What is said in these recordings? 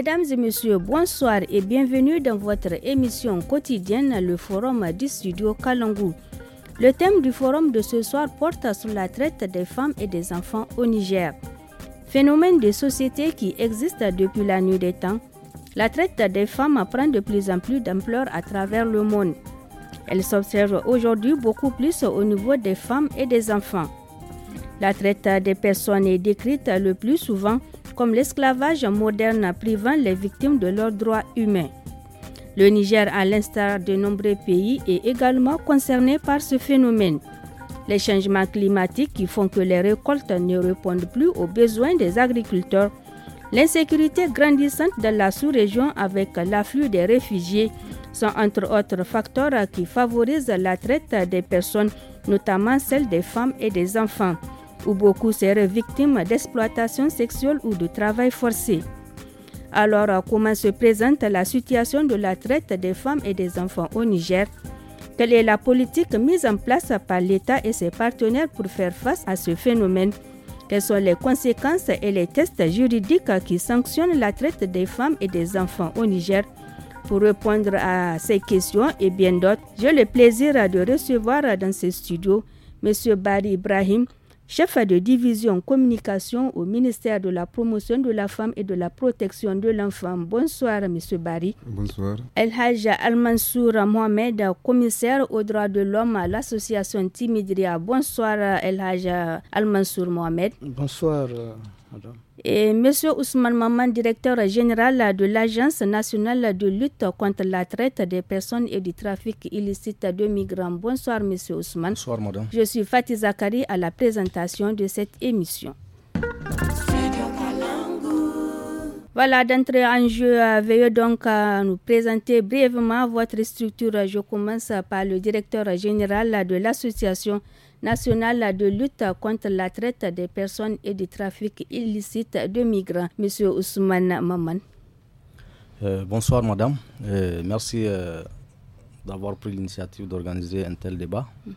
Mesdames et messieurs, bonsoir et bienvenue dans votre émission quotidienne Le Forum du studio Kalangou. Le thème du forum de ce soir porte sur la traite des femmes et des enfants au Niger. Phénomène de société qui existe depuis la nuit des temps, la traite des femmes prend de plus en plus d'ampleur à travers le monde. Elle s'observe aujourd'hui beaucoup plus au niveau des femmes et des enfants. La traite des personnes est décrite le plus souvent comme l'esclavage moderne privant les victimes de leurs droits humains. Le Niger, à l'instar de nombreux pays, est également concerné par ce phénomène. Les changements climatiques qui font que les récoltes ne répondent plus aux besoins des agriculteurs, l'insécurité grandissante de la sous-région avec l'afflux des réfugiés sont entre autres facteurs qui favorisent la traite des personnes, notamment celle des femmes et des enfants où beaucoup seraient victimes d'exploitation sexuelle ou de travail forcé. Alors, comment se présente la situation de la traite des femmes et des enfants au Niger Quelle est la politique mise en place par l'État et ses partenaires pour faire face à ce phénomène Quelles sont les conséquences et les tests juridiques qui sanctionnent la traite des femmes et des enfants au Niger pour répondre à ces questions et bien d'autres, j'ai le plaisir de recevoir dans ce studio M. Barry Ibrahim, chef de division communication au ministère de la promotion de la femme et de la protection de l'enfant. Bonsoir, Monsieur Barry. Bonsoir. El Hajj Al-Mansour Mohamed, commissaire aux droits de l'homme à l'association Timidria. Bonsoir, El Hajj Al-Mansour Mohamed. Bonsoir, euh, madame. Monsieur Ousmane Maman, directeur général de l'Agence nationale de lutte contre la traite des personnes et du trafic illicite de migrants. Bonsoir, Monsieur Ousmane. Bonsoir, Madame. Je suis Fatih Zakari à la présentation de cette émission. Voilà, d'entrée en jeu, euh, veuillez donc euh, nous présenter brièvement votre structure. Je commence par le directeur général de l'association nationale de lutte contre la traite des personnes et du trafic illicite de migrants. Monsieur Ousmane Maman. Euh, bonsoir, madame. Euh, merci euh, d'avoir pris l'initiative d'organiser un tel débat, mm.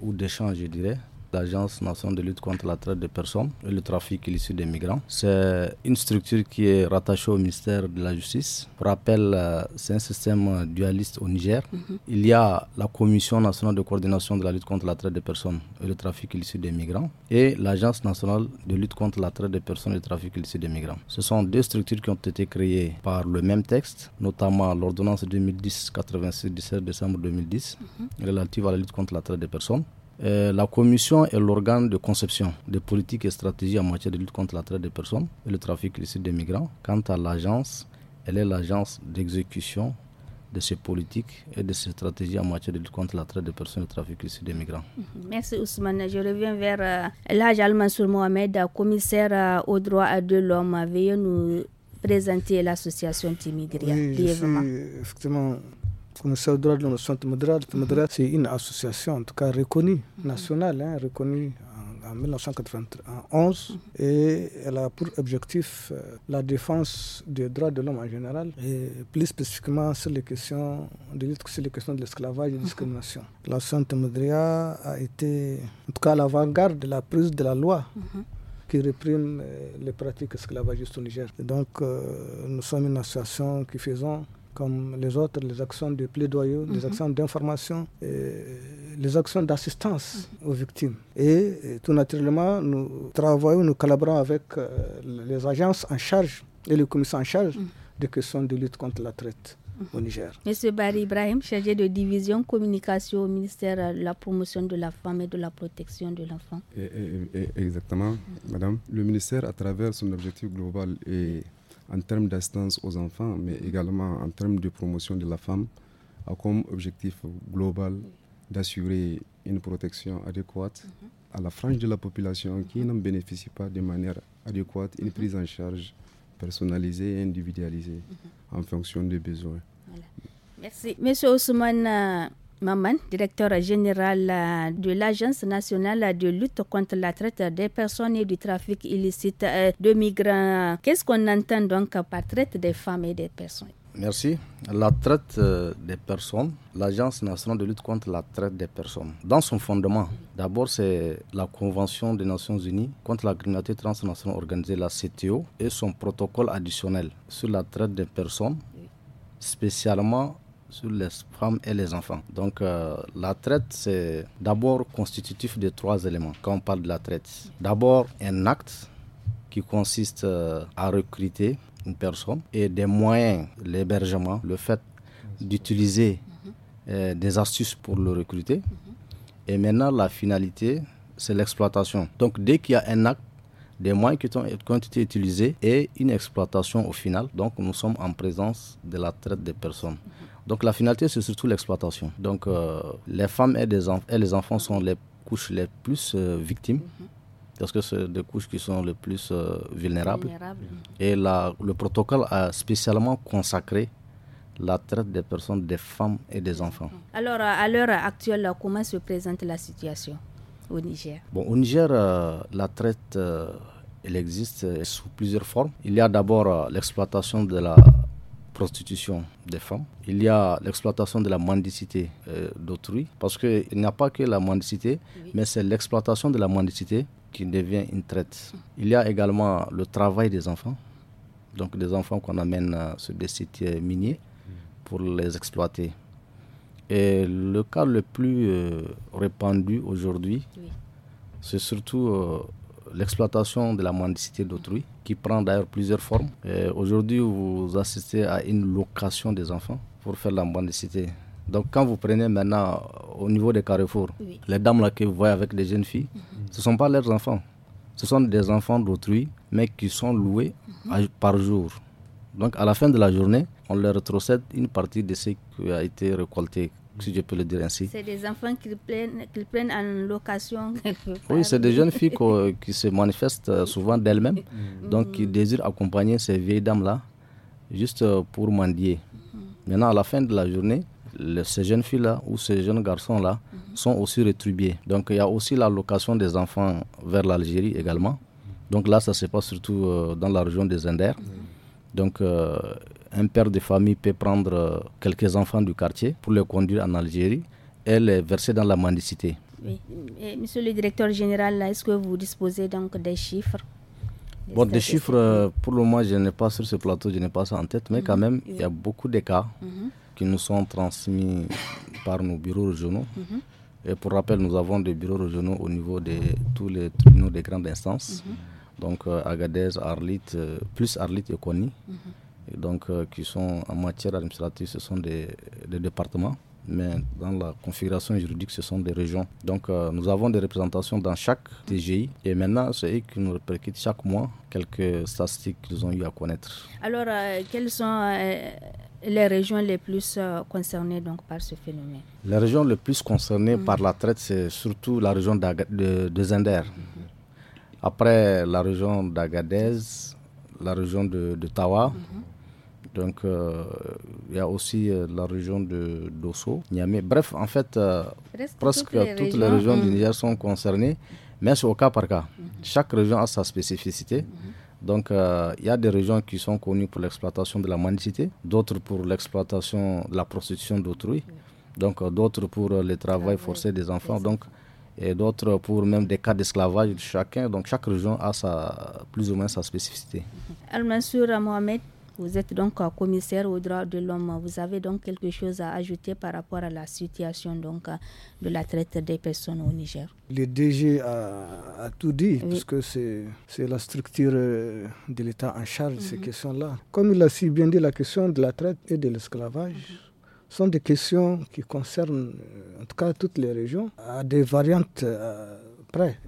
ou d'échange, je dirais, l'Agence nationale de lutte contre la traite des personnes et le trafic illicite des migrants. C'est une structure qui est rattachée au ministère de la Justice. Pour rappel, euh, c'est un système euh, dualiste au Niger. Mhm. Il y a la Commission nationale de coordination de la lutte contre la traite des personnes et le trafic illicite des migrants et l'Agence nationale de lutte contre la traite des personnes et le trafic illicite des migrants. Ce sont deux structures qui ont été créées par le même texte, notamment l'ordonnance 2010-86 17 décembre 2010 mhm. relative à la lutte contre la traite des personnes euh, la commission est l'organe de conception des politiques et stratégies en matière de lutte contre la traite des personnes et le trafic illicite des migrants. Quant à l'agence, elle est l'agence d'exécution de ces politiques et de ces stratégies en matière de lutte contre la traite des personnes et le trafic illicite des migrants. Mhm. Merci Ousmane. Je reviens vers euh, l'âge allemand sur Mohamed, euh, commissaire aux droits de l'homme. Veuillez nous présenter l'association Timigria. Commissaire de mhm. c'est une association, en tout cas reconnue, mhm. nationale, hein, reconnue en 1991 mhm. et elle a pour objectif euh, la défense des droits de l'homme en général et plus spécifiquement sur les questions de les questions de l'esclavage et de la discrimination. La Sainte Modria a été en tout cas à l'avant-garde de la prise de la loi. qui réprime euh, les pratiques esclavagistes au Niger. Et donc, euh, nous sommes une association qui faisons comme les autres, les actions de plaidoyer, les mhm. actions d'information, les actions d'assistance aux victimes. Et, tout naturellement, nous travaillons, nous collaborons avec euh, les agences en charge et les commissaires en charge mhm. des questions de lutte contre la traite. Mhm. Au Niger. Monsieur Barry Ibrahim, chargé de division communication au ministère euh, de la promotion de la femme et de la protection de l'enfant. Exactement, madame. Le ministère, à travers son objectif global et en termes d'assistance aux enfants, mais mhm. également en termes de promotion de la femme, a comme objectif global d'assurer une protection adéquate mhm. à la frange de la population qui mhm. ne bénéficie pas de manière adéquate, une prise en charge personnalisée et individualisée en fonction des besoins. Merci. Monsieur Ousmane, euh, Maman, directeur général euh, de l'Agence nationale de lutte contre la traite des personnes et du trafic illicite euh, de migrants. Qu'est-ce qu'on entend donc par traite des femmes et des personnes Merci. La traite euh, des personnes, l'Agence nationale de lutte contre la traite des personnes, dans son fondement, d'abord c'est la Convention des Nations Unies contre la criminalité transnationale organisée, la CTO, et son protocole additionnel sur la traite des personnes, spécialement sur les femmes et les enfants. Donc euh, la traite, c'est d'abord constitutif de trois éléments quand on parle de la traite. D'abord, un acte qui consiste euh, à recruter une personne et des moyens, l'hébergement, le fait d'utiliser euh, des astuces pour le recruter. Et maintenant, la finalité, c'est l'exploitation. Donc dès qu'il y a un acte, des moyens qui ont été utilisés et une exploitation au final. Donc nous sommes en présence de la traite des personnes. Donc la finalité, c'est surtout l'exploitation. Donc euh, les femmes et, les enfants sont les couches les plus euh, victimes. Mhm. Parce que c'est des couches qui sont les plus euh, vulnérables. Mhm. Et le protocole a spécialement consacré la traite des personnes, des femmes et des enfants. Mhm. Alors, à l'heure actuelle, comment se présente la situation au Niger Au Niger, la traite, elle existe sous plusieurs formes. Il y a d'abord l'exploitation de la prostitution des femmes, il y a l'exploitation de la mendicité euh, d'autrui, parce qu'il n'y a pas que la mendicité, mais c'est l'exploitation de la mendicité qui devient une traite. Il y a également le travail des enfants, donc des enfants qu'on amène sur des sites miniers pour les exploiter. Et le cas le plus euh, répandu aujourd'hui, c'est surtout euh, l'exploitation de la mendicité d'autrui, qui prend d'ailleurs plusieurs formes. Aujourd'hui, vous assistez à une location des enfants pour faire la mendicité. Donc quand vous prenez maintenant euh, au niveau des carrefours, les dames là que vous voyez avec des jeunes filles, mhm. ce ne sont pas leurs enfants. Ce sont des enfants d'autrui, mais qui sont loués mhm. par jour. Donc à la fin de la journée, on leur retrocède une partie de ce qui a été récolté si je peux le dire ainsi. C'est des enfants qui prennent, en location. Oui, c'est des jeunes filles qui se manifestent euh, souvent d'elles-mêmes. Mm. Donc, qui désirent accompagner ces vieilles dames-là juste euh, pour mendier. Mm. Maintenant, à la fin de la journée, ces jeunes filles-là ou ces jeunes garçons-là mm-hmm. sont aussi rétribués. Donc, il y a aussi la location des enfants vers l'Algérie également. Donc là, ça se passe surtout euh, dans la région des Inders. Mm-hmm. Donc, un père de famille peut prendre euh, quelques enfants du quartier pour les conduire en Algérie et les verser dans la mendicité. monsieur le directeur général, est-ce que vous disposez donc des chiffres des Bon, des chiffres, euh, pour le moment, je n'ai pas sur ce plateau, je n'ai pas ça en tête, mais quand mhm. même, il y a beaucoup de cas mhm. qui nous sont transmis par nos bureaux régionaux. Mhm. Et pour rappel, nous avons des bureaux régionaux au niveau de tous les tribunaux des grandes instances, donc euh, Agadez, Arlit, plus Arlit et Kony donc euh, qui sont en matière administrative, ce sont des, départements, mais dans la configuration juridique, ce sont des régions. Donc euh, nous avons des représentations dans chaque TGI et maintenant, c'est eux qui nous répercutent chaque mois quelques statistiques qu'ils ont eu à connaître. Alors, euh, quelles sont les régions les plus concernées donc, par ce phénomène Les régions les plus concernées mhm. par la traite, c'est surtout la région de, de, Zender. Mhm. Après la région d'Agadez, la région de, de Tawa, mhm. Donc, euh, il y a aussi euh, la région de Dosso, Niamey. Bref, en fait, euh, presque toutes les, régions, du mm. Niger sont concernées, mais c'est au cas par cas. Mm-hmm. Chaque région a sa spécificité. Mm-hmm. Donc, il y a des régions qui sont connues pour l'exploitation de la mendicité, d'autres pour l'exploitation de la prostitution d'autrui, donc d'autres pour le travail forcé des enfants. Donc, et d'autres pour même des cas d'esclavage de chacun. Donc, chaque région a sa, plus ou moins sa spécificité. Al-Mansour Mohamed, vous êtes donc euh, commissaire aux droits de l'homme. Vous avez donc quelque chose à ajouter par rapport à la situation donc, euh, de la traite des personnes au Niger. Le DG a, tout dit, puisque parce c'est la structure euh, de l'État en charge de ces mhm. questions-là. Comme il a si bien dit, la question de la traite et de l'esclavage. Mhm. sont des questions qui concernent en tout cas toutes les régions, à des variantes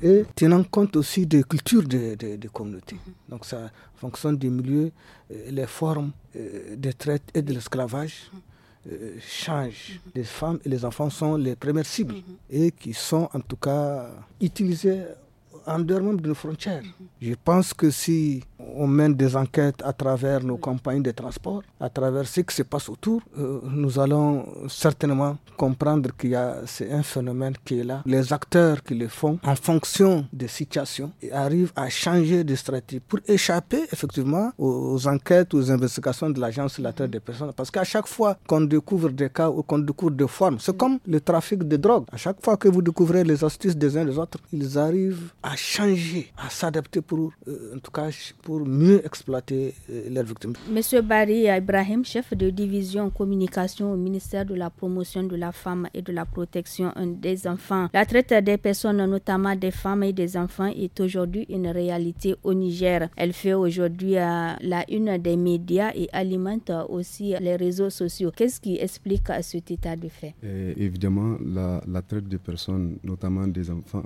et tenant compte aussi des cultures des de, communautés. Mhm. Donc ça fonctionne des milieux, euh, les formes euh, de traite et de l'esclavage. Mhm. Euh, changent. Mhm. Les femmes et les enfants sont les premières cibles et qui sont en tout cas utilisées en dehors même de nos frontières. Je pense que si on mène des enquêtes à travers nos campagnes de transport, à travers ce qui se passe autour. Euh, nous allons certainement comprendre qu'il y a c'est un phénomène qui est là. Les acteurs qui le font, en fonction des situations, arrivent à changer de stratégie pour échapper effectivement aux, enquêtes, aux investigations de l'agence de la traite des personnes. Parce qu'à chaque fois qu'on découvre des cas ou qu'on découvre des formes, c'est comme le trafic de drogue. À chaque fois que vous découvrez les astuces des uns des autres, ils arrivent à changer, à s'adapter pour, euh, en tout cas, pour pour mieux exploiter euh, leurs victimes. Monsieur Barry Ibrahim, chef de division communication au ministère de la promotion de la femme et de la protection des enfants. La traite des personnes, notamment des femmes et des enfants, est aujourd'hui une réalité au Niger. Elle fait aujourd'hui euh, la une des médias et alimente aussi les réseaux sociaux. Qu'est-ce qui explique cet état de fait euh, Évidemment, la, traite des personnes, notamment des enfants,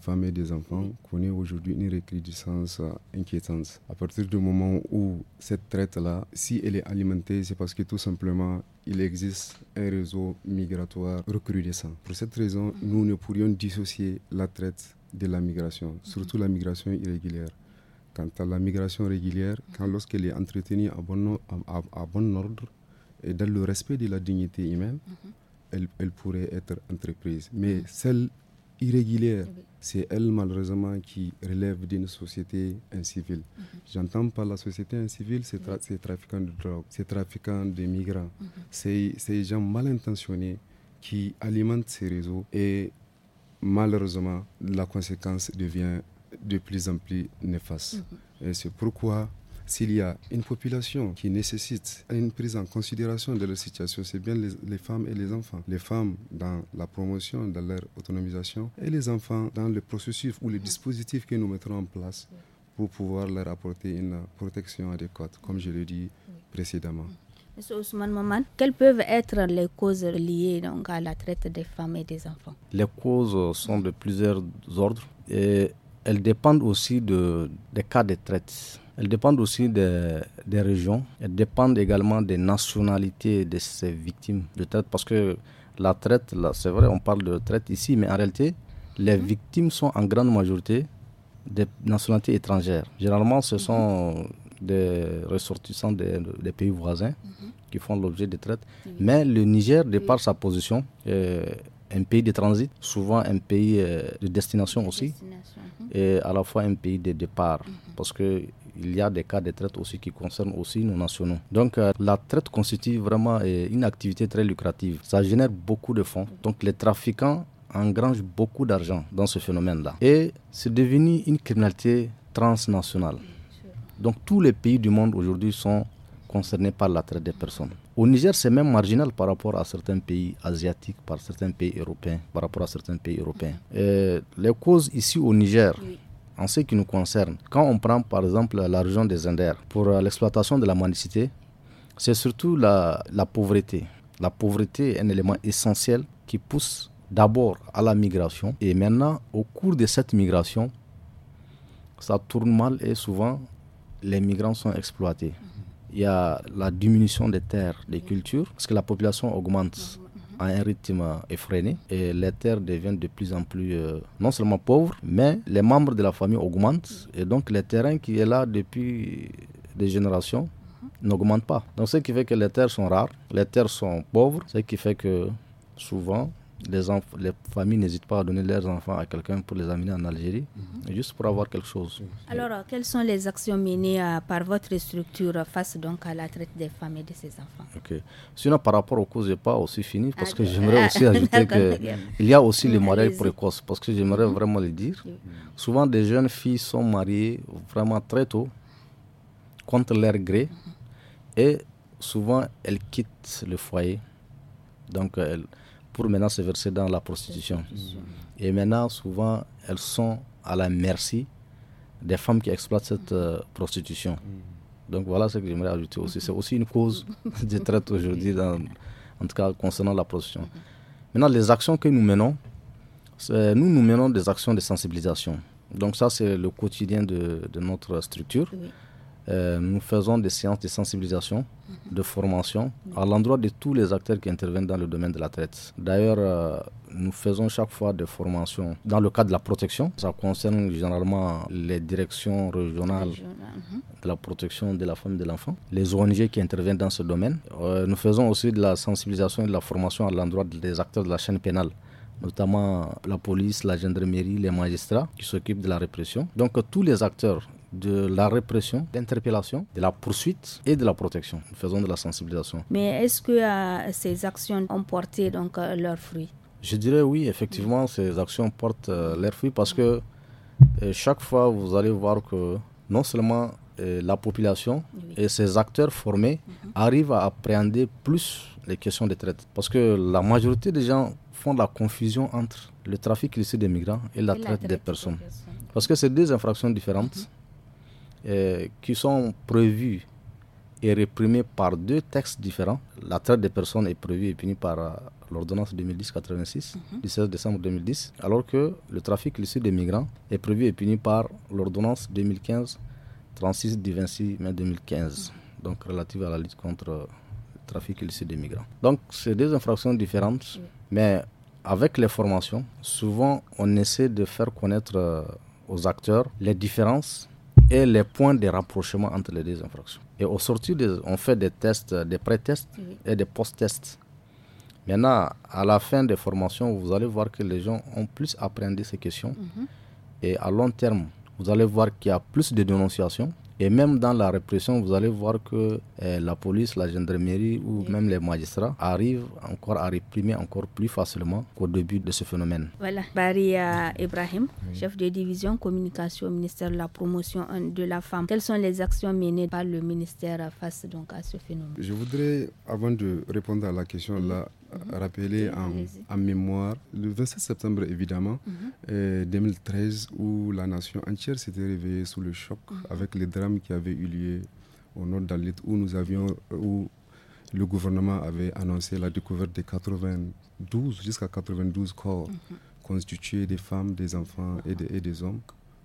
femmes et des enfants, connaît aujourd'hui une recrudescence inquiétante à partir du moment où cette traite-là, si elle est alimentée, c'est parce que tout simplement, il existe un réseau migratoire recrudescent. Pour cette raison, nous ne pourrions dissocier la traite de la migration, surtout la migration irrégulière. Quant à la migration régulière, quand lorsqu'elle est entretenue à bon, ordre et dans le respect de la dignité humaine, mhm. elle, elle pourrait être entreprise. Mais celle irrégulière. C'est elle, malheureusement, qui relève d'une société incivile. Mhm. J'entends par la société incivile c'est tra trafiquants de drogue, ces trafiquants de migrants, mhm. c'est ces, gens mal intentionnés qui alimentent ces réseaux. Et malheureusement, la conséquence devient de plus en plus néfaste. Mhm. Et c'est pourquoi s'il y a une population qui nécessite une prise en considération de la situation, c'est bien les, femmes et les enfants. Les femmes dans la promotion de leur autonomisation et les enfants dans le processus ou les dispositifs que nous mettrons en place pour pouvoir leur apporter une protection adéquate, comme je l'ai dit précédemment. Monsieur Ousmane Maman, quelles peuvent être les causes liées donc, à la traite des femmes et des enfants Les causes sont de plusieurs ordres et elles dépendent aussi de, des cas de traite. Elles dépendent aussi des, régions. Elles dépendent également des nationalités de ces victimes de traite. Parce que la traite, c'est vrai, on parle de traite ici, mais en réalité, les mhm. victimes sont en grande majorité des nationalités étrangères. Généralement, ce mhm. sont des ressortissants des, pays voisins mhm. qui font l'objet de traite. Mais le Niger, de par sa position, un pays de transit, souvent un pays euh, de destination aussi, et à la fois un pays de départ, parce que il y a des cas de traite aussi qui concernent aussi nos nationaux. Donc euh, la traite constitue vraiment euh, une activité très lucrative. Ça génère beaucoup de fonds. Donc les trafiquants engrangent beaucoup d'argent dans ce phénomène-là. Et c'est devenu une criminalité transnationale. Donc tous les pays du monde aujourd'hui sont concernés par la traite des personnes. Au Niger, c'est même marginal par rapport à certains pays asiatiques, par certains pays européens, par rapport à certains pays européens. les causes ici au Niger, en ce qui nous concerne, quand on prend par exemple la région des Indères pour euh, l'exploitation de la manicité, c'est surtout la pauvreté. La pauvreté est un élément essentiel qui pousse d'abord à la migration et maintenant, au cours de cette migration, ça tourne mal et souvent les migrants sont exploités. Il y a la diminution des terres, des cultures, parce que la population augmente à un rythme effréné et les terres deviennent de plus en plus euh, non seulement pauvres, mais les membres de la famille augmentent et donc les terrains qui est là depuis des générations n'augmentent pas. Donc ce qui fait que les terres sont rares, les terres sont pauvres, ce qui fait que souvent les, familles n'hésitent pas à donner leurs enfants à quelqu'un pour les amener en Algérie, mhm. juste pour avoir quelque chose. Alors, euh, quelles sont les actions menées euh, par votre structure face donc à la traite des femmes et de ces enfants Ok. Sinon, par rapport aux causes, je n'ai pas aussi fini parce que ah, j'aimerais aussi ajouter qu'il y a aussi les mariages précoces parce que j'aimerais mhm. vraiment le dire. Souvent, des jeunes filles sont mariées vraiment très tôt contre leur gré mhm. et souvent, elles quittent le foyer. Donc, elles pour maintenant se verser dans la prostitution. Et maintenant, souvent, elles sont à la merci des femmes qui exploitent cette euh, prostitution. Mm. Donc voilà ce que j'aimerais ajouter aussi. C'est aussi une cause de traite aujourd'hui, en tout cas concernant la prostitution. Maintenant, les actions que nous menons, nous, nous menons des actions de sensibilisation. Donc ça, c'est le quotidien de, de notre structure. Euh, nous faisons des séances de sensibilisation, mhm. de formation à l'endroit de tous les acteurs qui interviennent dans le domaine de la traite. D'ailleurs, euh, nous faisons chaque fois des formations dans le cadre de la protection. Ça concerne généralement les directions régionales mhm. de la protection de la femme et de l'enfant, les ONG qui interviennent dans ce domaine. Euh, nous faisons aussi de la sensibilisation et de la formation à l'endroit des acteurs de la chaîne pénale notamment la police, la gendarmerie, les magistrats qui s'occupent de la répression. Donc tous les acteurs de la répression, d'interpellation, de la poursuite et de la protection. Nous faisons de la sensibilisation. Mais est-ce que euh, ces actions ont porté donc euh, leurs fruits Je dirais oui, effectivement, ces actions portent euh, leurs fruits parce que chaque fois, vous allez voir que non seulement la population et ses acteurs formés mhm. arrivent à appréhender plus les questions de traite. Parce que la majorité des gens font de la confusion entre le trafic illicite des migrants et la, traite, des, personnes. Parce que c'est deux infractions différentes. Mhm. Euh, qui sont prévus et réprimés par deux textes différents. La traite des personnes est prévue et punie par euh, l'ordonnance 2010-86 mhm. du 16 décembre 2010, alors que le trafic illicite des migrants est prévu et puni par l'ordonnance 2015-36 du 26 mai 2015, donc relative à la lutte contre euh, le trafic illicite des migrants. Donc, c'est deux infractions différentes, mais avec les formations, souvent on essaie de faire connaître aux acteurs les différences et les points de rapprochement entre les deux infractions. Et au sortir, on fait des tests, euh, des pré-tests et des post-tests. Maintenant, à la fin des formations, vous allez voir que les gens ont plus appréhendé ces questions. Mhm. Et à long terme, vous allez voir qu'il y a plus de dénonciations et même dans la répression, vous allez voir que eh, la police, la gendarmerie ou même les magistrats arrivent encore à réprimer encore plus facilement qu'au début de ce phénomène. Voilà, Baria Ibrahim, chef de division communication au ministère de la promotion de la femme. Quelles sont les actions menées par le ministère face donc à ce phénomène Je voudrais, avant de répondre à la question là, euh, rappeler en, mémoire le 27 septembre, évidemment, 2013, mhm. euh, où la nation entière s'était réveillée sous le choc mhm. avec les drames qui avaient eu lieu au nord d'Alit, où nous avions, euh, où le gouvernement avait annoncé la découverte de 92 jusqu'à 92 corps mhm. constitués des femmes, des enfants et, des hommes,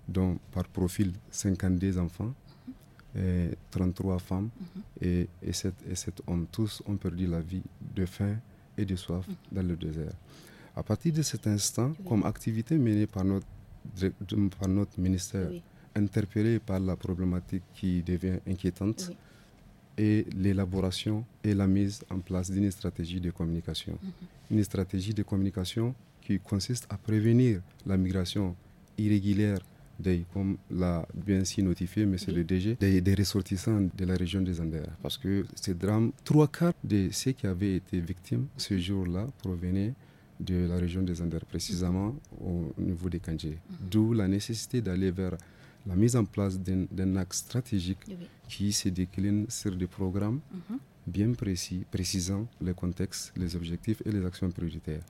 dont par profil 52 enfants. Et 33 femmes et, et 7 hommes. Tous ont perdu la vie de faim et de soif dans le désert. À partir de cet instant, comme activité menée par notre, par notre ministère, interpellée par la problématique qui devient inquiétante, et l'élaboration et la mise en place d'une stratégie de communication. Mm-hmm. Une stratégie de communication qui consiste à prévenir la migration irrégulière comme l'a bien si notifié M. le DG, des, ressortissants de la région des Andes. Parce que ces drames trois quarts de ceux qui avaient été victimes ce jour-là provenaient de la région des Andes, précisément au niveau des Kandjé. Mhm. D'où la nécessité d'aller vers la mise en place d'un axe stratégique qui se décline sur des programmes mhm. bien précis, précisant les contextes, les objectifs et les actions prioritaires.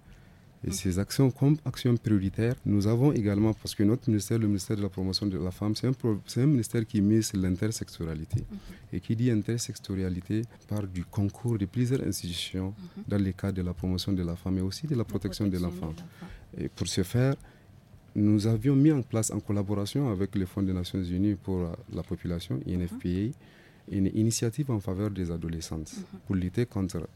Et mm. ces actions, comme actions prioritaires, nous avons également, parce que notre ministère, le ministère de la promotion de la femme, c'est un, un, ministère qui mise sur mm-hmm. Et qui dit intersectorialité par du concours de plusieurs institutions mm-hmm. dans le cadre de la promotion de la femme et aussi de la protection, de l'enfant. Et pour ce faire, nous avions mis en place en collaboration avec le Fonds des Nations Unies pour la, population, infpi mm-hmm. une initiative en faveur des adolescentes pour lutter contre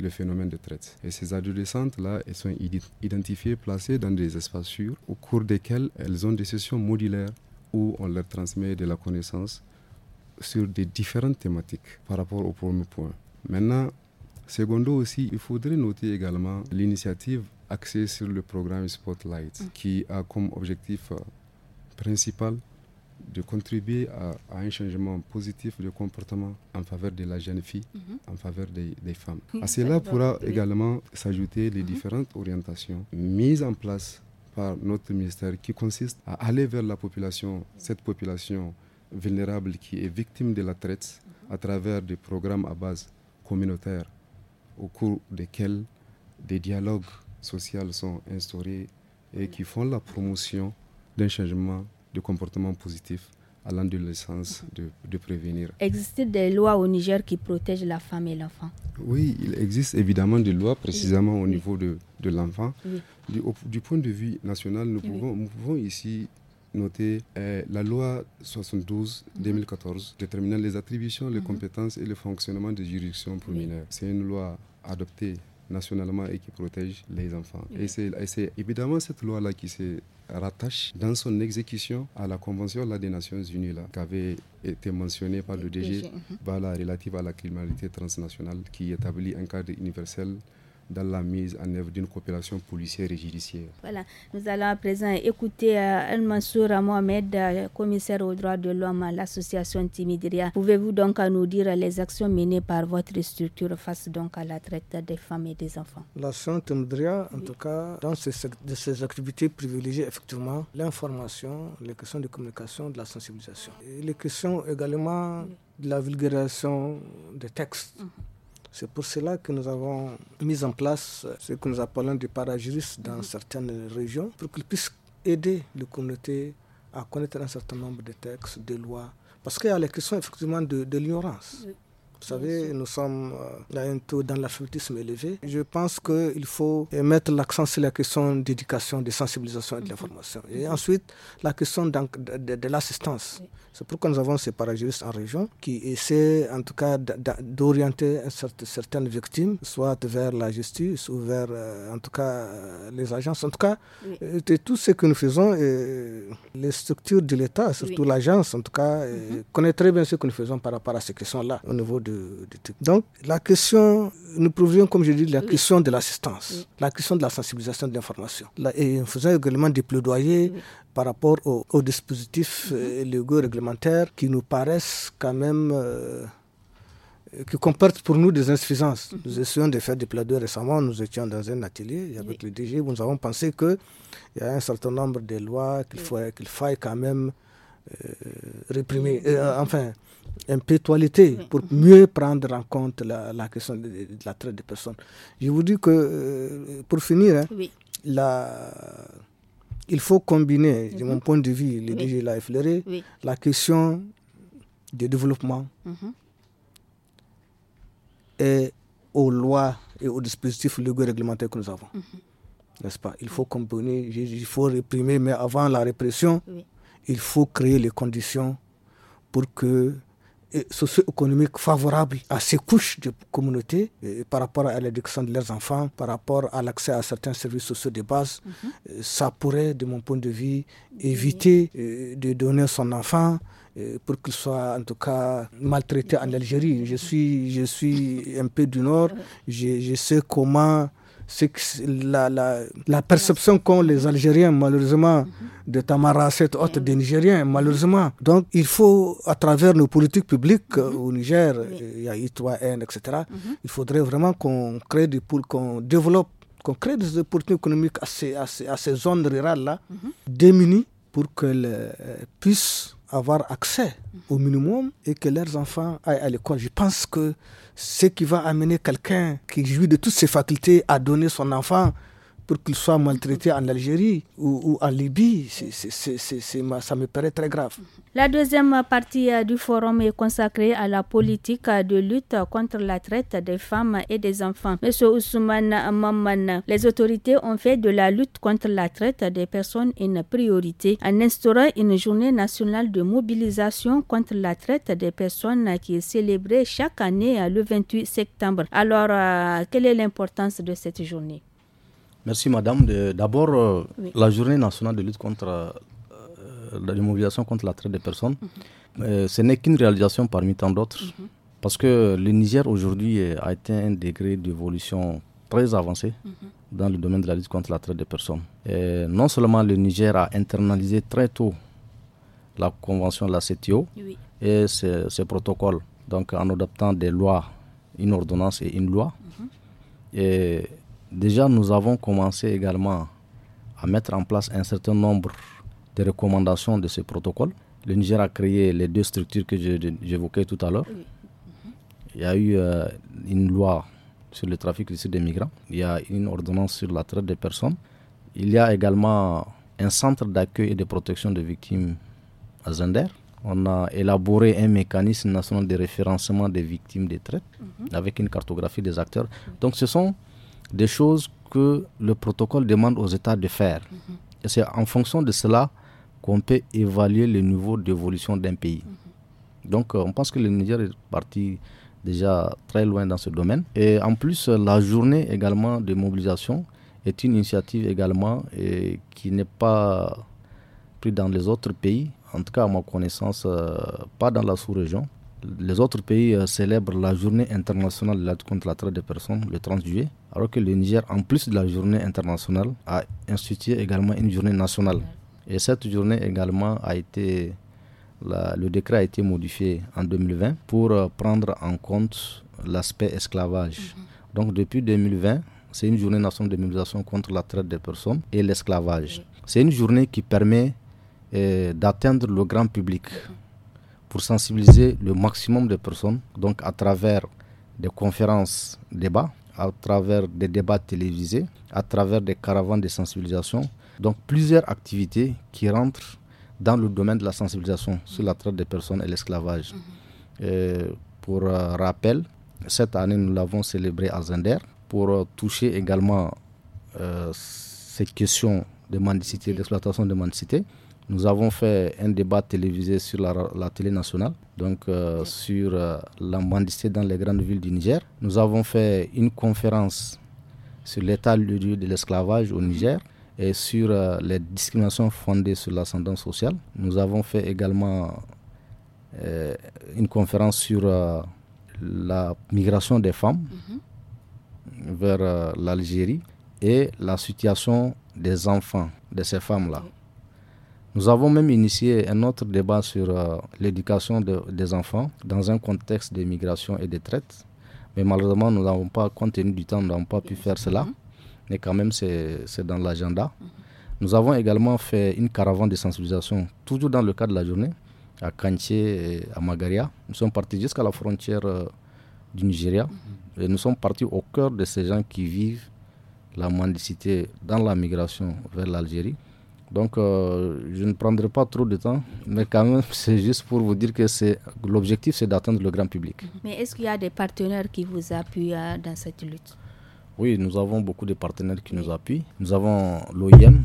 le phénomène de traite. Et ces adolescentes-là, elles sont identifiées, placées dans des espaces sûrs au cours desquels elles ont des sessions modulaires où on leur transmet de la connaissance sur des différentes thématiques par rapport au premier point. Maintenant, secondo aussi, il faudrait noter également l'initiative axée sur le programme Spotlight mm. qui a comme objectif euh, principal de contribuer à, un changement positif de comportement en faveur de la jeune fille, mhm. en faveur des, femmes. à cela pourra également s'ajouter les mhm. différentes orientations mises en place par notre ministère qui consiste à aller vers la population, cette population vulnérable qui est victime de la traite mhm. à travers des programmes à base communautaire au cours desquels des dialogues sociaux sont instaurés et qui font la promotion d'un changement de comportements positifs à de de, de, prévenir. Existe t il des lois au Niger qui protègent la femme et l'enfant Oui, il existe évidemment des lois précisément au niveau de, de l'enfant. Du, point de vue national, nous, pouvons, nous pouvons, ici noter euh, la loi 72-2014 mhm. déterminant les attributions, les mhm. compétences et le fonctionnement des juridictions pour mineurs. C'est une loi adoptée nationalement et qui protège les enfants. Et c'est évidemment cette loi-là qui se rattache dans son exécution à la Convention des Nations Unies qui avait été mentionnée par le DG, mhm. relative à la criminalité transnationale qui établit un cadre universel dans la mise en œuvre d'une coopération policière et judiciaire. Voilà, nous allons à présent écouter euh, El Mansour Mohamed, euh, commissaire aux droits de l'homme à l'association Timidria. Pouvez-vous donc nous dire les actions menées par votre structure face donc à la traite des femmes et des enfants L'association Timidria, en tout cas, dans ses, de activités privilégie effectivement l'information, les questions de communication, de la sensibilisation. Et les questions également de la vulgarisation des textes. Mhm. C'est pour cela que nous avons mis en place ce que nous appelons du parajuris dans mhm. certaines régions pour qu'ils puissent aider les communautés à connaître un certain nombre de textes, de lois. Parce qu'il y a la question effectivement de, l'ignorance. Vous savez, nous sommes à euh, un taux élevé. Je pense qu'il faut euh, mettre l'accent sur la question d'éducation, de sensibilisation et de mhm. l'information. Et ensuite, la question de, l'assistance. C'est pourquoi nous avons ces parajuristes en région qui essaient en tout cas d'orienter certaines victimes, soit vers la justice ou vers euh, en tout cas les agences. En tout cas, tout ce que nous faisons, les structures de l'État, surtout l'agence en tout cas, mhm. connaît très bien ce que nous faisons par rapport à ces questions-là au niveau de donc, la question, nous prouvions comme je dis, la question de l'assistance, la question de la sensibilisation de l'information. Et nous faisons également des plaidoyers par rapport aux, dispositifs euh, mhm. légaux réglementaires qui nous paraissent quand même. Euh, qui comportent pour nous des insuffisances. Mhm. Nous essayons de faire des plaidoyers récemment. Nous étions dans un atelier avec le DG où nous avons pensé qu'il y a un certain nombre de lois qu'il faille, faille quand même euh, réprimer, enfin, un pour mieux prendre en compte la, question de, la traite des personnes. Je vous dis que, euh, pour finir, hein, la, il faut combiner, de mon mhm. point de vue, le l'a e, la question du développement mhm. et aux lois et aux dispositifs légaux réglementaires que nous avons. Mhm. N'est-ce pas Il faut combiner, il faut réprimer, mais avant la répression, il faut créer les conditions pour que socio-économique favorable à ces couches de communauté euh, par rapport à l'éducation de leurs enfants, par rapport à l'accès à certains services sociaux de base, mhm. euh, ça pourrait, de mon point de vue, éviter euh, de donner son enfant pour qu'il soit en tout cas maltraité en Algérie. Je suis, je suis un peu du Nord, je, je sais comment c'est la, la, la, perception qu'ont les Algériens, malheureusement, de Tamara, cette hôte des Nigériens, malheureusement. Donc, il faut, à travers nos politiques publiques euh, au Niger, il y a i etc., mhm. il faudrait vraiment qu'on crée des poules, qu'on développe, qu'on crée des opportunités économiques à ces, à ces, zones rurales-là, mhm. démunies, pour qu'elles euh, puissent avoir accès au minimum et que leurs enfants aillent à l'école. Je pense que ce qui va amener quelqu'un qui jouit de toutes ses facultés à donner son enfant pour qu'ils soient maltraités en Algérie ou, en Libye. ça me paraît très grave. La deuxième partie euh, du forum est consacrée à la politique euh, de lutte contre la traite des femmes et des enfants. Monsieur Ousmane Mamman, les autorités ont fait de la lutte contre la traite des personnes une priorité en instaurant une journée nationale de mobilisation contre la traite des personnes qui est célébrée chaque année euh, le 28 septembre. Alors, quelle est l'importance de cette journée? Merci Madame. D'abord, euh, la journée nationale de lutte contre euh, l'immobilisation contre la traite des personnes, mhm. euh, ce n'est qu'une réalisation parmi tant d'autres. Mhm. Parce que le Niger aujourd'hui a atteint un degré d'évolution très avancé mhm. dans le domaine de la lutte contre la traite des personnes. non seulement le Niger a internalisé très tôt la convention de la CTO et ses, protocoles, donc en adoptant des lois, une ordonnance et une loi. Et Déjà, nous avons commencé également à mettre en place un certain nombre de recommandations de ce protocole. Le Niger a créé les deux structures que j'évoquais tout à l'heure. Il y a eu euh, une loi sur le trafic de des migrants. Il y a une ordonnance sur la traite des personnes. Il y a également un centre d'accueil et de protection des victimes à Zender. On a élaboré un mécanisme national de référencement des victimes de traite mhm. avec une cartographie des acteurs. Donc ce sont des choses que le protocole demande aux États de faire. Mm-hmm. Et c'est en fonction de cela qu'on peut évaluer le niveau d'évolution d'un pays. Mm-hmm. Donc, euh, on pense que le Niger est parti déjà très loin dans ce domaine. Et en plus, euh, la journée également de mobilisation est une initiative également qui n'est pas prise dans les autres pays, en tout cas à ma connaissance, euh, pas dans la sous-région les autres pays euh, célèbrent la journée internationale de lutte contre la traite des personnes le 30 juillet, alors que le Niger, en plus de la journée internationale, a institué également une journée nationale. Et cette journée également a été. le décret a été modifié en 2020 pour euh, prendre en compte l'aspect esclavage. Mhm. Donc depuis 2020, c'est une journée nationale de mobilisation contre la traite des personnes et l'esclavage. C'est une journée qui permet euh, d'atteindre le grand public. Mhm pour sensibiliser le maximum de personnes, donc à travers des conférences, débats, à travers des débats télévisés, à travers des caravanes de sensibilisation. Donc plusieurs activités qui rentrent dans le domaine de la sensibilisation sur la traite des personnes et l'esclavage. Mhm. Euh, pour euh, rappel, cette année, nous l'avons célébré à Zender pour euh, toucher également ces questions de mendicité, d'exploitation de mendicité. Nous avons fait un débat télévisé sur la, télé nationale, donc euh, sur euh, la mendicité dans les grandes villes du Niger. Nous avons fait une conférence sur l'état lieu de l'esclavage au Niger et sur euh, les discriminations fondées sur l'ascendance sociale. Nous avons fait également une conférence sur la migration des femmes mm-hmm. vers l'Algérie et la situation des enfants de ces femmes-là. Nous avons même initié un autre débat sur euh, l'éducation des enfants dans un contexte de migration et de traite. Mais malheureusement, nous n'avons pas, compte tenu du temps, nous n'avons pas pu faire cela. Mm-hmm. Mais quand même, c'est dans l'agenda. Mm-hmm. Nous avons également fait une caravane de sensibilisation, toujours dans le cadre de la journée, à Kantché et à Magaria. Nous sommes partis jusqu'à la frontière euh, du Nigeria. Mm-hmm. Et nous sommes partis au cœur de ces gens qui vivent la mendicité dans la migration vers l'Algérie donc, euh, je ne prendrai pas trop de temps, mais quand même, c'est juste pour vous dire que c'est l'objectif, c'est d'atteindre le grand public. Mais est-ce qu'il y a des partenaires qui vous appuient euh, dans cette lutte Oui, nous avons beaucoup de partenaires qui nous appuient. Nous avons l'OIM.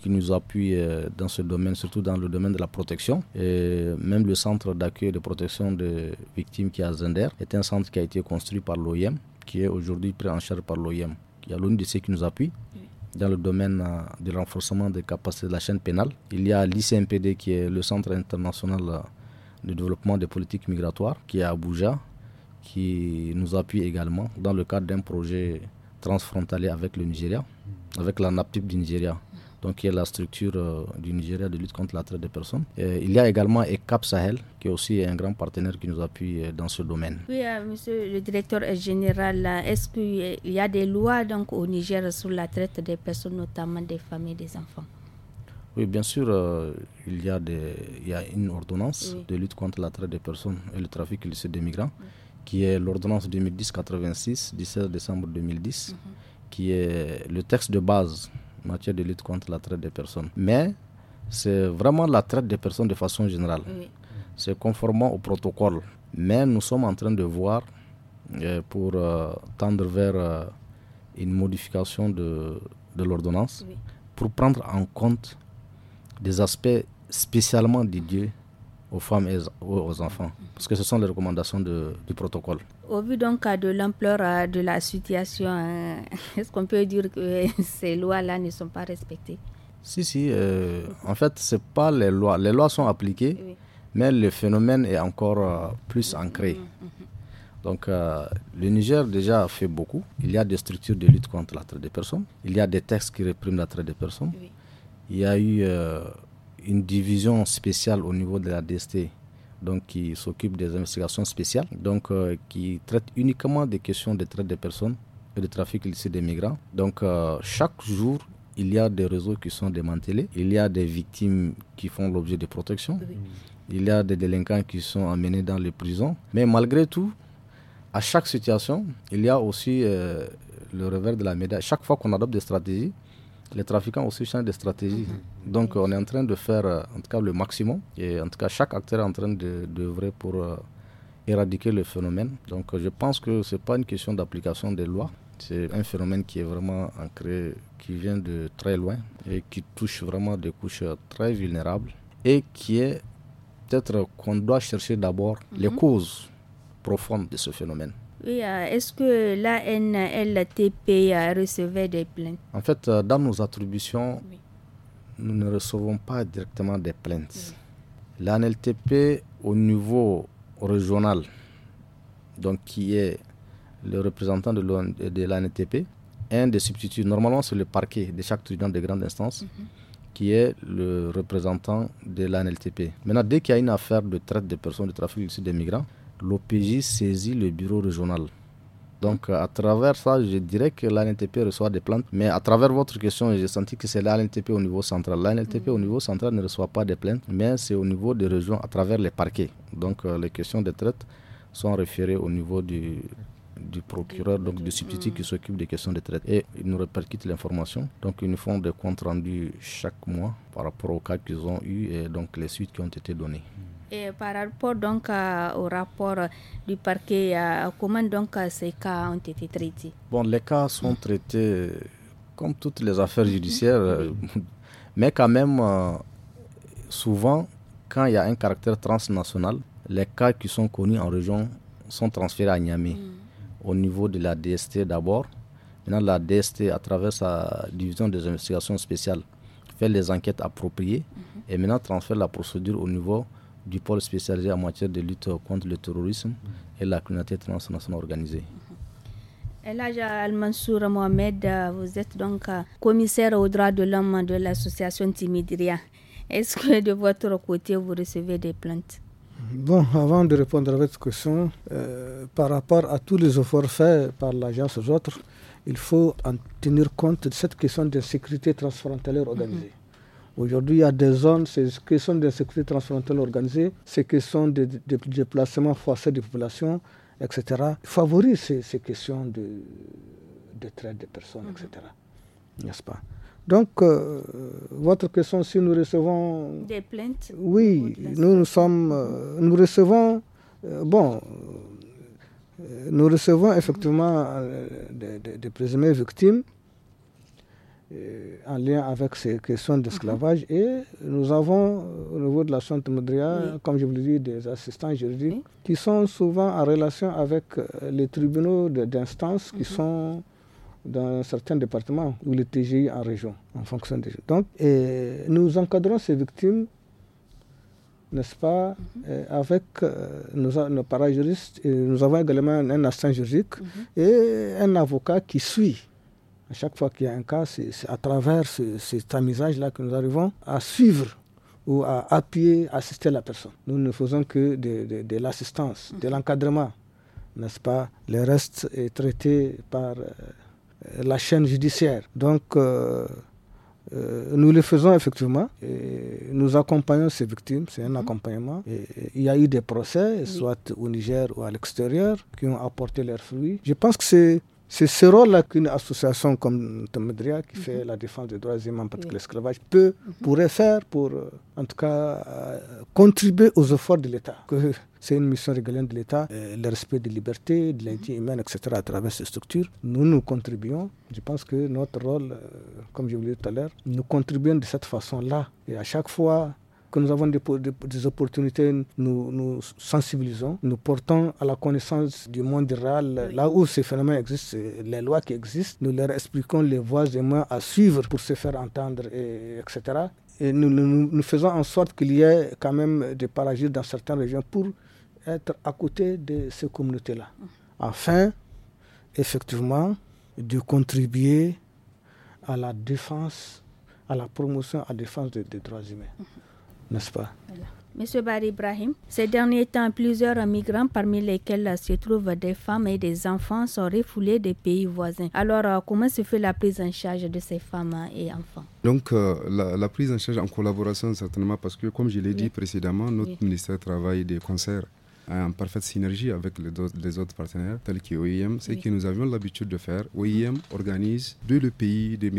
qui nous appuie euh, dans ce domaine, surtout dans le domaine de la protection. Et même le centre d'accueil et de protection des victimes qui est à Zender est un centre qui a été construit par l'OIM, qui est aujourd'hui pris en charge par l'OIM. Il y a l'ONU de qui nous appuie, dans le domaine euh, du renforcement des capacités de la chaîne pénale. Il y a l'ICMPD qui est le Centre international euh, de développement des politiques migratoires qui est à Abuja, qui nous appuie également dans le cadre d'un projet transfrontalier avec le Nigeria, avec la NAPTIP du Nigeria donc qui est la structure euh, du Nigeria de lutte contre la traite des personnes. il y a également ECAP Sahel, qui est aussi un grand partenaire qui nous appuie euh, dans ce domaine. Oui, euh, monsieur le directeur général, est-ce qu'il y a des lois donc, au Niger sur la traite des personnes, notamment des familles et des enfants oui, bien sûr, il, y a des, il y a une ordonnance de lutte contre la traite des personnes et le trafic illicite des migrants, qui est l'ordonnance 2010-86 17 décembre 2010, mhm. qui est le texte de base en matière de lutte contre la traite des personnes. Mais c'est vraiment la traite des personnes de façon générale. C'est conformément au protocole. Mais nous sommes en train de voir euh, pour euh, tendre vers euh, une modification de, l'ordonnance pour prendre en compte des aspects spécialement dédiés aux femmes et aux enfants, parce que ce sont les recommandations du protocole. Au vu donc de l'ampleur euh, de la situation, euh, est-ce qu'on peut dire que ces lois-là ne sont pas respectées Si, si. Euh, en fait, c'est pas les lois. Les lois sont appliquées, mais le phénomène est encore plus mm-hmm. ancré. Mm-hmm. Donc, le Niger déjà fait beaucoup. Il y a des structures de lutte contre la traite des personnes. Il y a des textes qui répriment la traite des personnes. Il y a eu une division spéciale au niveau de la DST donc qui s'occupe des investigations spéciales, donc euh, qui traite uniquement des questions de traite des personnes et de trafic illicite des migrants. Donc euh, chaque jour, il y a des réseaux qui sont démantelés, il y a des victimes qui font l'objet de protection, il y a des délinquants qui sont emmenés dans les prisons. Mais malgré tout, à chaque situation, il y a aussi euh, le revers de la médaille. Chaque fois qu'on adopte des stratégies, les trafiquants aussi changent de stratégie. Mhm. Donc on est en train de faire euh, en tout cas le maximum. Et en tout cas chaque acteur est en train de, d'œuvrer pour euh, éradiquer le phénomène. Donc je pense que ce n'est pas une question d'application des lois. C'est un phénomène qui est vraiment ancré, qui vient de très loin et qui touche vraiment des couches euh, très vulnérables et qui est peut-être qu'on doit chercher d'abord les mhm. causes profondes de ce phénomène. Oui, euh, est-ce que la l'ANLTP euh, recevait des plaintes En fait, euh, dans nos attributions, nous ne recevons pas directement des plaintes. La L'ANLTP, au niveau régional, donc qui est le représentant de la l'ANLTP, un des substituts, normalement c'est le parquet de chaque tribunal de grande instance, mhm. qui est le représentant de la l'ANLTP. Maintenant, dès qu'il y a une affaire de traite des personnes, de trafic des migrants, l'OPJ saisit le bureau régional. Donc, à travers ça, je dirais que l'ANTP reçoit des plaintes. Mais à travers votre question, j'ai senti que c'est l'ANTP au niveau central. L'ANTP au niveau central ne reçoit pas des plaintes, mais c'est au niveau des régions, à travers les parquets. Donc, euh, les questions de traite sont référées au niveau du, procureur, donc du substitut qui s'occupe des questions de traite. Et ils nous répercutent l'information. Donc, ils nous font des comptes rendus chaque mois par rapport aux cas qu'ils ont eu et donc les suites qui ont été données. Et par rapport donc euh, au rapport du parquet, euh, comment donc euh, ces cas ont été traités Bon, les cas sont traités comme toutes les affaires mhm. judiciaires, mais quand même, souvent, quand il y a un caractère transnational, les cas qui sont connus en région sont transférés à Niamey, mm. au niveau de la DST d'abord. Maintenant, la DST, à travers sa division des investigations spéciales, fait les enquêtes appropriées mm-hmm. et maintenant transfère la procédure au niveau du pôle spécialisé en matière de lutte contre le terrorisme et la criminalité transnationale organisée. Elaja Al-Mansour Mohamed, vous êtes donc euh, commissaire aux droits de l'homme de l'association Timidria. Est-ce que de votre côté, vous recevez des plaintes Bon, avant de répondre à votre question, euh, par rapport à tous les efforts faits par l'agence aux autres, il faut en tenir compte de cette question de sécurité transfrontalière organisée. Aujourd'hui, il y a des zones, c'est questions de sont des organisée, ces questions de que sont des, déplacements forcés de populations, etc. Favorise ces, questions de, de traite des personnes, etc. Mhm. N'est-ce pas Donc, euh, votre question, si nous recevons... Des plaintes Oui, nous, sommes, euh, nous recevons... Euh, bon, nous recevons effectivement des, des présumés victimes euh, en lien avec ces questions d'esclavage. Mhm. Et nous avons, au niveau de la Chante Moudria, comme je vous l'ai dit, des assistants juridiques qui sont souvent en relation avec euh, les tribunaux d'instance qui mhm. sont dans certains départements ou les TGI en région, en fonction des Donc, nous encadrons ces victimes, n'est-ce pas, mhm. euh, avec nos, nos parajuristes. nous avons également un assistant juridique et un avocat qui suit à chaque fois qu'il y a un cas, c'est à travers ce, cet là que nous arrivons à suivre ou à appuyer, assister la personne. Nous ne faisons que de, l'assistance, de, mhm. l'encadrement, n'est-ce pas Le reste est traité par euh, la chaîne judiciaire. Donc, euh, euh, nous le faisons effectivement. Et nous accompagnons ces victimes, c'est un mhm. accompagnement. il y a eu des procès, soit au Niger ou à l'extérieur, qui ont apporté leurs fruits. Je pense que c'est c'est ce rôle-là qu'une association comme Tamadria, qui mhm. fait la défense des droits humains, en particulier l'esclavage, peut, mhm. pourrait faire pour, euh, en tout cas, euh, contribuer aux efforts de l'État. C'est une mission régalienne de l'État, euh, le respect des libertés, de mhm. l'intimité humaine, etc., à travers ces structures. Nous, nous contribuons. Je pense que notre rôle, comme je vous l'ai dit tout à l'heure, nous contribuons de cette façon-là. Et à chaque fois, que nous avons des, opportunités, nous, nous sensibilisons, nous portons à la connaissance du monde rural, là où ces phénomènes existent, les lois qui existent, nous leur expliquons les voies et moyens à suivre pour se faire entendre, etc. Et nous, faisons en sorte qu'il y ait quand même des parages dans certaines régions pour être à côté de ces communautés-là. Afin, effectivement, de contribuer à la défense, à la promotion, à la défense des droits humains n'est-ce pas Monsieur Barry Ibrahim, ces derniers temps, plusieurs migrants, parmi lesquels euh, se trouvent des femmes et des enfants, sont refoulés des pays voisins. Alors, euh, comment se fait la prise en charge de ces femmes et enfants Donc, euh, la, prise en charge en collaboration, certainement, parce que, comme je l'ai dit précédemment, notre ministère travaille des concerts en parfaite synergie avec les, autres partenaires tels que l'OIM, c'est que nous avions l'habitude de faire. L'OIM mhm. organise dès le pays des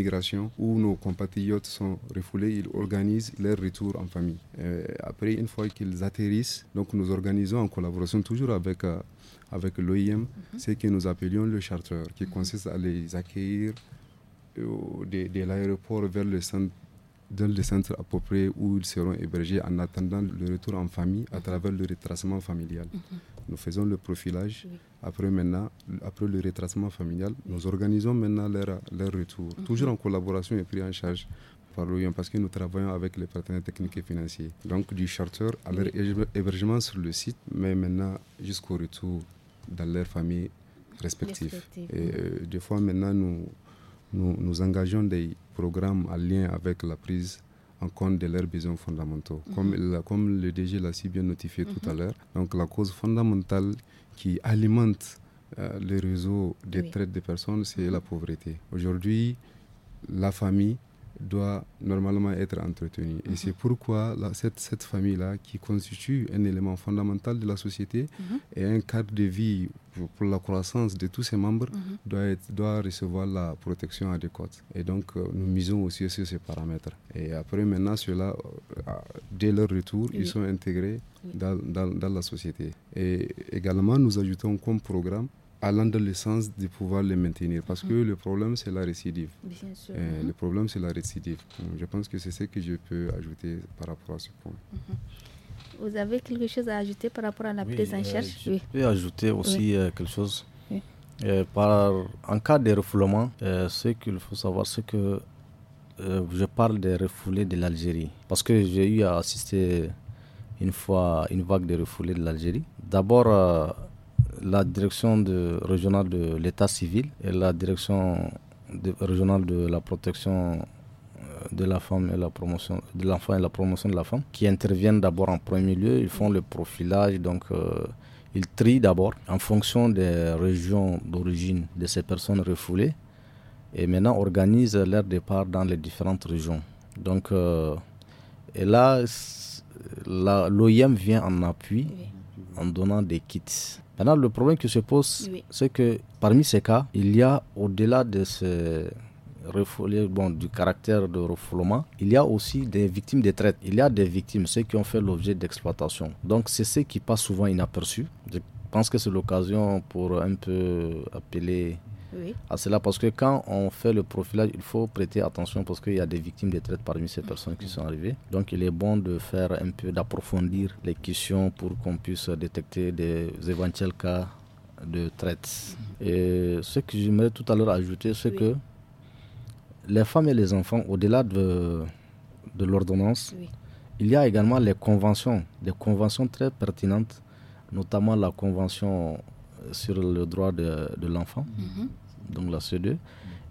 où nos compatriotes sont refoulés, ils organisent leur retour en famille. après, une fois qu'ils atterrissent, donc nous organisons en collaboration toujours avec euh, avec l'OIM, mhm. c'est que nous appelions le charter, qui mhm. consiste à les accueillir de, euh, de l'aéroport vers le centre dans les centres appropriés où ils seront hébergés en attendant le retour en famille à travers le retracement familial. Mhm. Nous faisons le profilage. Après, maintenant, après le retracement familial, nous organisons maintenant leur, retour, mhm. toujours en collaboration et pris en charge par l'OIM parce que nous travaillons avec les partenaires techniques et financiers. Donc, du charter à leur hébergement sur le site, mais maintenant jusqu'au retour dans leur famille respective. Et euh, des fois, maintenant, nous, nous, nous engageons des programme en lien avec la prise en compte de leurs besoins fondamentaux. Mhm. comme, le DG l'a si bien notifié tout à mhm. l'heure, donc la cause fondamentale qui alimente euh, le réseau des personnes, c'est mhm. la pauvreté. Aujourd'hui, la famille doit normalement être entretenu. Et c'est pourquoi cette, cette famille-là, qui constitue un élément fondamental de la société mhm. et un cadre de vie pour, la croissance de tous ses membres, mhm. doit, être, doit recevoir la protection adéquate. Et donc, euh, nous misons aussi sur ces paramètres. Et après, maintenant, ceux-là, euh, dès leur retour, ils sont intégrés dans, dans, dans la société. Et également, nous ajoutons comme programme à l'adolescence de pouvoir les maintenir. Parce que mhm. le problème, c'est la récidive. Euh, le mhm. problème, c'est la récidive. je pense que c'est ce que je peux ajouter par rapport à ce point. Mhm. Vous avez quelque chose à ajouter par rapport à la prise en euh, charge Je peux ajouter aussi euh, quelque chose. par, en cas de refoulement, ce qu'il faut savoir, c'est que je parle des refoulés de l'Algérie. Parce que j'ai eu à assister une fois une vague de refoulés de l'Algérie. D'abord, la direction régionale de l'état civil et la direction régionale de la protection euh, de la femme et la promotion de l'enfant et la promotion de la femme qui interviennent d'abord en premier lieu ils font le profilage donc euh, ils trient d'abord en fonction des régions d'origine de ces personnes refoulées et maintenant organisent leur départ dans les différentes régions donc euh, et là l'OIM vient en appui en donnant des kits Maintenant, le problème qui se pose, c'est que parmi ces cas, il y a au-delà de ce bon, du caractère de refoulement, il y a aussi des victimes de traite. Il y a des victimes, ceux qui ont fait l'objet d'exploitation. Donc, c'est ce qui passe souvent inaperçu. Je pense que c'est l'occasion pour un peu appeler à ah, cela parce que quand on fait le profilage, il faut prêter attention parce qu'il y a des victimes de traite parmi ces personnes qui sont arrivées. Donc il est bon de faire un peu d'approfondir les questions pour qu'on puisse détecter des éventuels cas de traite. Mhm. Et ce que j'aimerais tout à l'heure ajouter, c'est que les femmes et les enfants, au-delà de, l'ordonnance, il y a également les conventions, des conventions très pertinentes, notamment la convention euh, sur le droit de, l'enfant, mhm donc la CEDE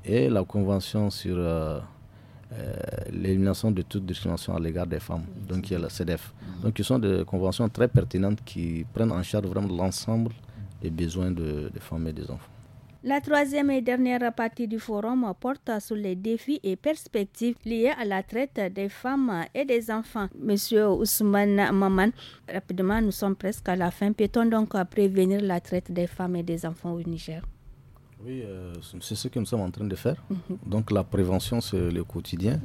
et la Convention sur euh, euh, l'élimination de toute discrimination à l'égard des femmes, donc il y a la CEDEF. Donc, ce sont des conventions très pertinentes qui prennent en charge vraiment l'ensemble des besoins de, des femmes et des enfants. La troisième et dernière partie du forum porte sur les défis et perspectives liés à la traite des femmes et des enfants. Monsieur Ousmane Maman, rapidement, nous sommes presque à la fin. Peut-on donc prévenir la traite des femmes et des enfants au Niger? Oui, euh, c'est ce que nous sommes en train de faire. Mhm. Donc la prévention, c'est le quotidien.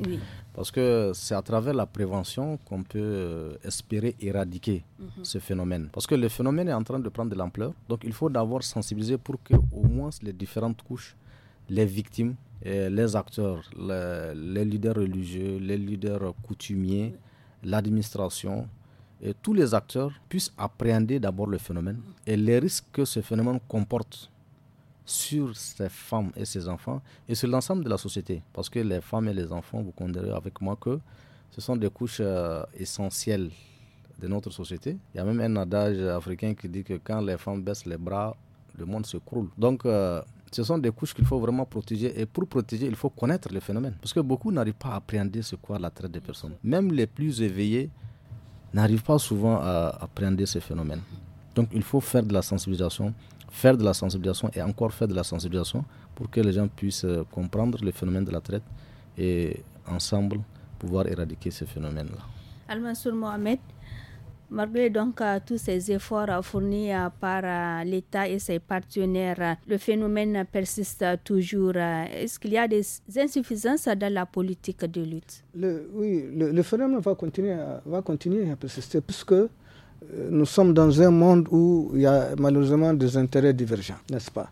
Parce que c'est à travers la prévention qu'on peut euh, espérer éradiquer mhm. ce phénomène. Parce que le phénomène est en train de prendre de l'ampleur. Donc il faut d'abord sensibiliser pour que au moins les différentes couches, les victimes, les acteurs, les, leaders religieux, les leaders coutumiers, l'administration, et tous les acteurs puissent appréhender d'abord le phénomène et les risques que ce phénomène comporte sur ces femmes et ces enfants et sur l'ensemble de la société. Parce que les femmes et les enfants, vous comprendrez avec moi que ce sont des couches euh, essentielles de notre société. Il y a même un adage africain qui dit que quand les femmes baissent les bras, le monde se croule. Donc, euh, ce sont des couches qu'il faut vraiment protéger. Et pour protéger, il faut connaître le phénomène. Parce que beaucoup n'arrivent pas à appréhender ce qu'est la traite des personnes. Même les plus éveillés n'arrivent pas souvent à appréhender ce phénomène. Donc, il faut faire de la sensibilisation, faire de la sensibilisation et encore faire de la sensibilisation pour que les gens puissent euh, comprendre le phénomène de la traite et ensemble pouvoir éradiquer ce phénomène-là. Al-Mansour Mohamed, Malgré donc euh, tous ces efforts fournis euh, par l'État et ses partenaires, le phénomène persiste toujours. Est-ce qu'il y a des insuffisances dans la politique de lutte le, Oui, le, phénomène va continuer, va continuer à persister puisque euh, nous sommes dans un monde où il y a malheureusement des intérêts divergents, n'est-ce pas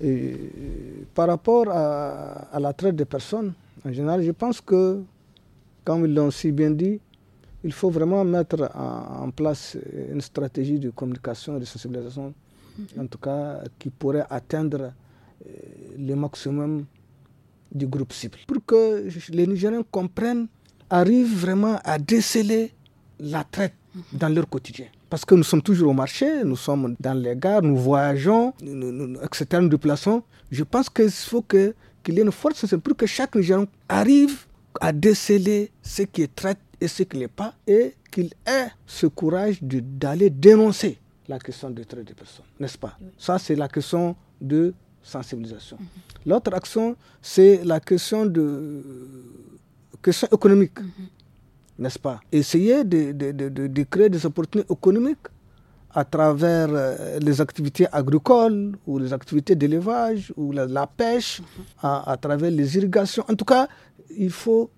Et euh, Par rapport à, la traite des personnes, en général, je pense que, comme ils l'ont si bien dit, il faut vraiment mettre en, place une stratégie de communication et de sensibilisation, mhm. en tout cas, qui pourrait atteindre euh, le maximum du groupe cible. Pour que les Nigériens comprennent, arrivent vraiment à déceler la traite mhm. dans leur quotidien. Parce que nous sommes toujours au marché, nous sommes dans les gares, nous voyageons, nous, nous, etc., nous déplaçons. Je pense qu'il faut qu'il y ait une force pour que chaque gens arrive à déceler ce qui est traite et ce qui n'est pas, et qu'il ait ce courage d'aller dénoncer la question de traite des personnes, n'est-ce pas Ça, c'est la question de sensibilisation. L'autre action, c'est la question de euh, question économique. Mm-hmm n'est-ce pas Essayer de, de, de, de, créer des opportunités économiques à travers euh, les activités agricoles ou les activités d'élevage ou la, pêche, à, travers les irrigations. En tout cas, il faut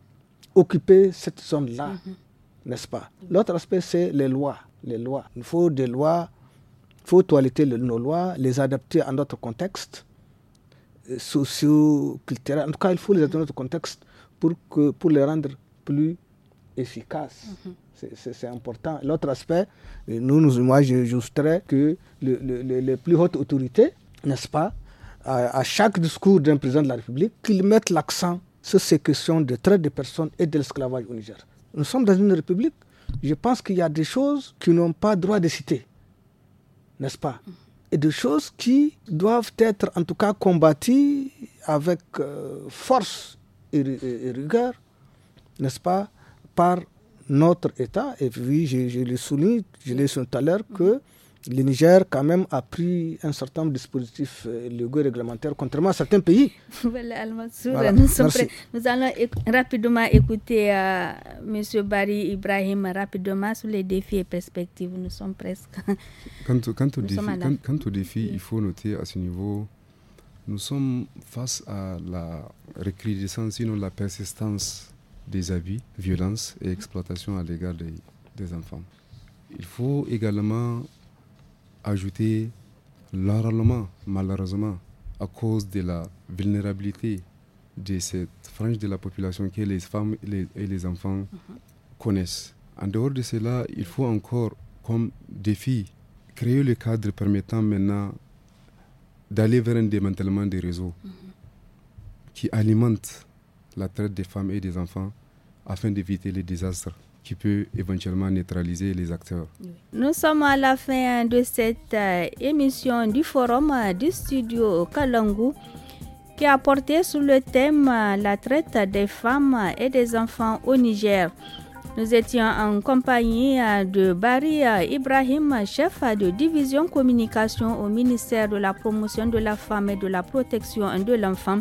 occuper cette zone-là, mm-hmm. n'est-ce pas L'autre aspect, c'est les lois. Les lois. Il faut des lois, il faut toiletter nos lois, les adapter à notre contexte euh, socio-culturel. En tout cas, il faut les adapter à notre contexte pour, que, pour les rendre plus efficace. Mhm. C'est important. L'autre aspect, euh, nous, nous moi, j'ajouterais que le, les plus hautes autorités, n'est-ce pas, à, chaque discours d'un président de la République, qu'ils mettent l'accent sur ces questions de traite des personnes et de l'esclavage au Niger. Nous sommes dans une République. Je pense qu'il y a des choses qui n'ont pas droit de citer, n'est-ce pas mhm. et des choses qui doivent être en tout cas combattues avec euh, force et rigueur, n'est-ce pas, par notre État. Et puis, je, le souligne, je l'ai souligné tout à l'heure, que le Niger, quand même, a pris un certain dispositif euh, légal et réglementaire, contrairement à certains pays. voilà, Nous, allons rapidement écouter euh, M. Barry Ibrahim rapidement sur les défis et perspectives. Nous sommes presque. quant, aux défi, quand, il faut noter à ce niveau, nous sommes face à la recrudescence, sinon la persistance des abus, violences et exploitation à l'égard des, enfants. Il faut également ajouter l'enrôlement, malheureusement, à cause de la vulnérabilité de cette frange de la population que les femmes et les, enfants mhm. connaissent. En dehors de cela, il faut encore, comme défi, créer le cadre permettant maintenant d'aller vers un démantèlement des réseaux mhm. qui alimentent la traite des femmes et des enfants afin d'éviter les désastres qui peut éventuellement neutraliser les acteurs. Nous sommes à la fin de cette euh, émission du forum euh, du studio Kalangu qui a porté sur le thème euh, la traite des femmes et des enfants au Niger. Nous étions en compagnie de Barry Ibrahim, chef de division communication au ministère de la promotion de la femme et de la protection de l'enfant.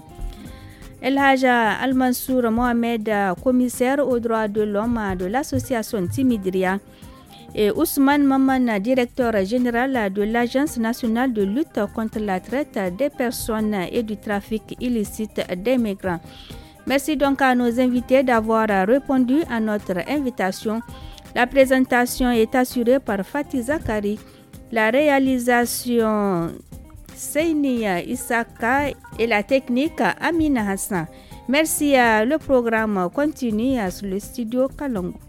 Elhaja Almansour Mohamed, commissaire aux droits de l'homme de l'association Timidria, et Ousmane Maman, directeur général de l'Agence nationale de lutte contre la traite des personnes et du trafic illicite des migrants. Merci donc à nos invités d'avoir répondu à notre invitation. La présentation est assurée par Fatih Zakari. La réalisation Seynia euh, Isaka et la technique euh, Amina Hassan. Merci, euh, le programme continue sur le studio Kalongo.